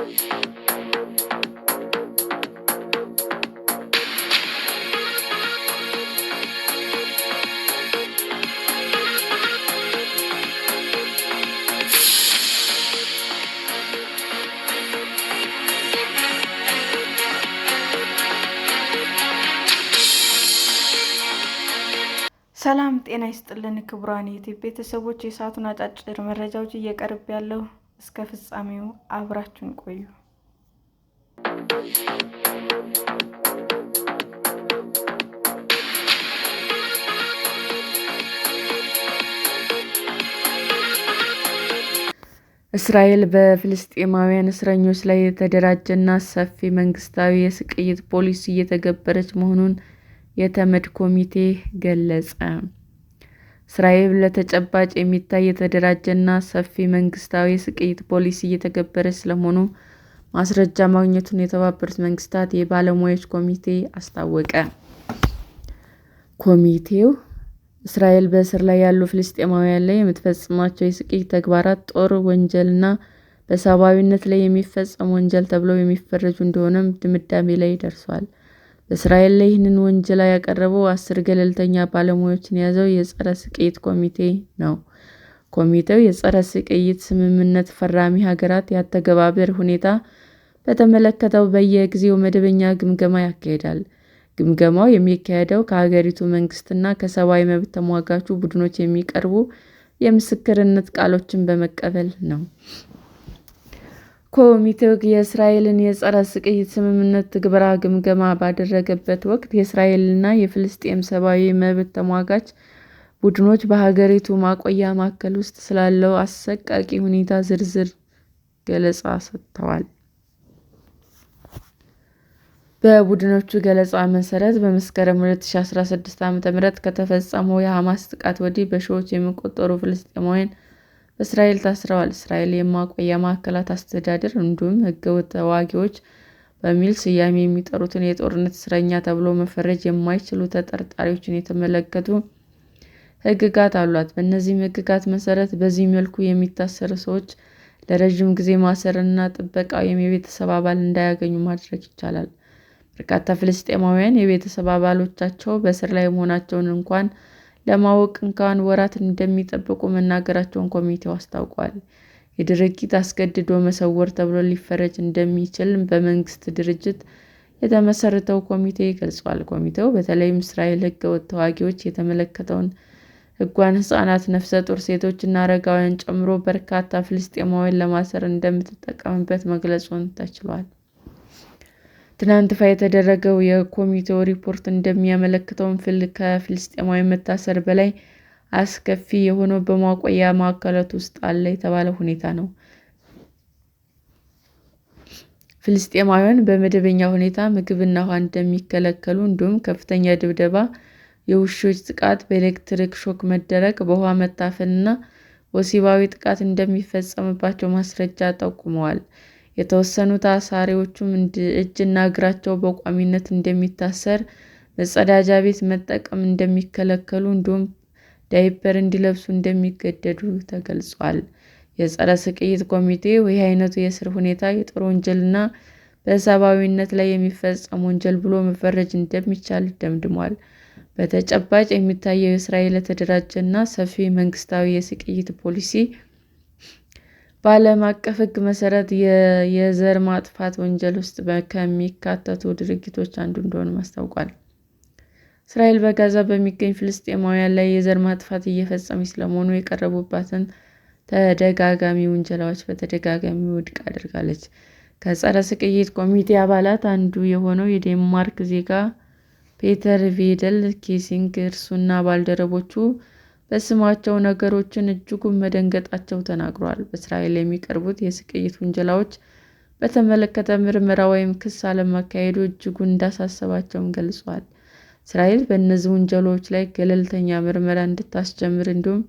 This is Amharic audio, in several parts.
ሰላም ጤና ይስጥልን ክቡራን የዩቲዩብ ቤተሰቦች፣ የሰዓቱን አጫጭር መረጃዎች እየቀርብ ያለው እስከ ፍጻሜው አብራችን ቆዩ። እስራኤል በፍልስጤማውያን እስረኞች ላይ የተደራጀና ሰፊ መንግስታዊ የስቅይት ፖሊሲ እየተገበረች መሆኑን የተመድ ኮሚቴ ገለጸ። እስራኤል ለተጨባጭ የሚታይ የተደራጀና ሰፊ መንግስታዊ ስቅይት ፖሊሲ እየተገበረች ስለመሆኑ ማስረጃ ማግኘቱን የተባበሩት መንግስታት የባለሙያዎች ኮሚቴ አስታወቀ። ኮሚቴው እስራኤል በእስር ላይ ያሉ ፍልስጤማውያን ላይ የምትፈጽማቸው የስቅይት ተግባራት ጦር ወንጀልና በሰብአዊነት ላይ የሚፈጸም ወንጀል ተብለው የሚፈረጁ እንደሆነም ድምዳሜ ላይ ደርሷል። እስራኤል ላይ ይህንን ውንጀላ ያቀረበው አስር ገለልተኛ ባለሙያዎችን የያዘው የጸረ ስቅይት ኮሚቴ ነው። ኮሚቴው የጸረ ስቅይት ስምምነት ፈራሚ ሀገራት የአተገባበር ሁኔታ በተመለከተው በየጊዜው መደበኛ ግምገማ ያካሄዳል። ግምገማው የሚካሄደው ከሀገሪቱ መንግስትና ከሰብአዊ መብት ተሟጋቹ ቡድኖች የሚቀርቡ የምስክርነት ቃሎችን በመቀበል ነው። ኮሚቴው የእስራኤልን የጸረ ስቅይት ስምምነት ትግበራ ግምገማ ባደረገበት ወቅት የእስራኤልና የፍልስጤም ሰብአዊ መብት ተሟጋች ቡድኖች በሀገሪቱ ማቆያ ማዕከል ውስጥ ስላለው አሰቃቂ ሁኔታ ዝርዝር ገለጻ ሰጥተዋል። በቡድኖቹ ገለጻ መሠረት፣ በመስከረም 2016 ዓ.ም ከተፈጸመው የሐማስ ጥቃት ወዲህ በሺዎች የሚቆጠሩ ፍልስጤማውያን በእስራኤል ታስረዋል። እስራኤል የማቆያ ማዕከላት አስተዳደር እንዲሁም ሕገወጥ ተዋጊዎች በሚል ስያሜ የሚጠሩትን የጦርነት እስረኛ ተብሎ መፈረጅ የማይችሉ ተጠርጣሪዎችን የተመለከቱ ህግጋት አሏት። በእነዚህም ሕግጋት መሰረት በዚህ መልኩ የሚታሰሩ ሰዎች ለረዥም ጊዜ ማሰርና ጥበቃ ወይም የቤተሰብ አባል እንዳያገኙ ማድረግ ይቻላል። በርካታ ፍልስጤማውያን የቤተሰብ አባሎቻቸው በእስር ላይ መሆናቸውን እንኳን ለማወቅ እንኳን ወራት እንደሚጠብቁ መናገራቸውን ኮሚቴው አስታውቋል። የድርጊት አስገድዶ መሰወር ተብሎ ሊፈረጅ እንደሚችል በመንግስት ድርጅት የተመሰረተው ኮሚቴ ገልጿል። ኮሚቴው በተለይም እስራኤል ህገወጥ ተዋጊዎች የተመለከተውን ህጓን ህጻናት፣ ነፍሰ ጡር እና አረጋውያን ጨምሮ በርካታ ፍልስጤማውያን ለማሰር እንደምትጠቀምበት መግለጹን ተችሏል። ትናንት ይፋ የተደረገው የኮሚቴው ሪፖርት ፍል ከፍልስጤማውያን መታሰር በላይ አስከፊ የሆነው በማቆያ ማዕከላት ውስጥ አለ የተባለ ሁኔታ ነው። ፍልስጤማውያን በመደበኛ ሁኔታ ምግብና ውሃ እንደሚከለከሉ፣ እንዲሁም ከፍተኛ ድብደባ፣ የውሾች ጥቃት፣ በኤሌክትሪክ ሾክ መደረግ፣ በውሃ መታፈን እና ወሲባዊ ጥቃት እንደሚፈጸምባቸው ማስረጃ ጠቁመዋል። የተወሰኑ ታሳሪዎቹም እጅና እግራቸው በቋሚነት እንደሚታሰር፣ መጸዳጃ ቤት መጠቀም እንደሚከለከሉ እንዲሁም ዳይፐር እንዲለብሱ እንደሚገደዱ ተገልጿል። የጸረ ስቅይት ኮሚቴ ይህ አይነቱ የእስር ሁኔታ የጦር ወንጀልና በሰብአዊነት ላይ የሚፈጸም ወንጀል ብሎ መፈረጅ እንደሚቻል ደምድሟል። በተጨባጭ የሚታየው የእስራኤል የተደራጀ እና ሰፊ መንግስታዊ የስቅይት ፖሊሲ በዓለም አቀፍ ሕግ መሰረት የዘር ማጥፋት ወንጀል ውስጥ ከሚካተቱ ድርጊቶች አንዱ እንደሆነ አስታውቋል። እስራኤል በጋዛ በሚገኝ ፍልስጤማውያን ላይ የዘር ማጥፋት እየፈጸመች ስለመሆኑ የቀረቡባትን ተደጋጋሚ ውንጀላዎች በተደጋጋሚ ውድቅ አድርጋለች። ከጸረ ስቅይት ኮሚቴ አባላት አንዱ የሆነው የዴንማርክ ዜጋ ፔተር ቬደል ኬሲንግ እርሱና ባልደረቦቹ በስማቸው ነገሮችን እጅጉን መደንገጣቸው ተናግሯል። በእስራኤል የሚቀርቡት የስቅይት ውንጀላዎች በተመለከተ ምርመራ ወይም ክስ አለማካሄዱ እጅጉን እንዳሳሰባቸውም ገልጿል። እስራኤል በእነዚህ ውንጀላዎች ላይ ገለልተኛ ምርመራ እንድታስጀምር እንዲሁም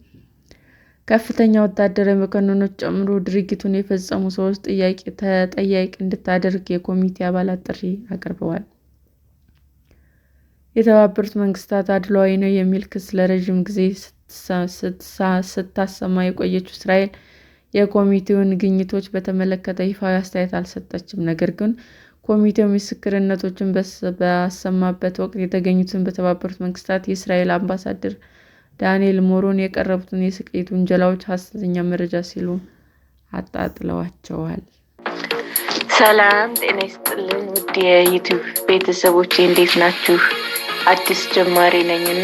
ከፍተኛ ወታደራዊ መኮንኖች ጨምሮ ድርጊቱን የፈጸሙ ሰዎች ጥያቄ ተጠያቂ እንድታደርግ የኮሚቴ አባላት ጥሪ አቅርበዋል። የተባበሩት መንግስታት አድሏዊ ነው የሚል ክስ ለረዥም ጊዜ ስታሰማ የቆየችው እስራኤል የኮሚቴውን ግኝቶች በተመለከተ ይፋዊ አስተያየት አልሰጠችም። ነገር ግን ኮሚቴው ምስክርነቶችን ባሰማበት ወቅት የተገኙትን በተባበሩት መንግስታት የእስራኤል አምባሳደር ዳንኤል ሞሮን የቀረቡትን የስቅይት ውንጀላዎች ሐሰተኛ መረጃ ሲሉ አጣጥለዋቸዋል። ሰላም ጤና ይስጥልን ውድ የዩቱብ ቤተሰቦች እንዴት ናችሁ? አዲስ ጀማሪ ነኝና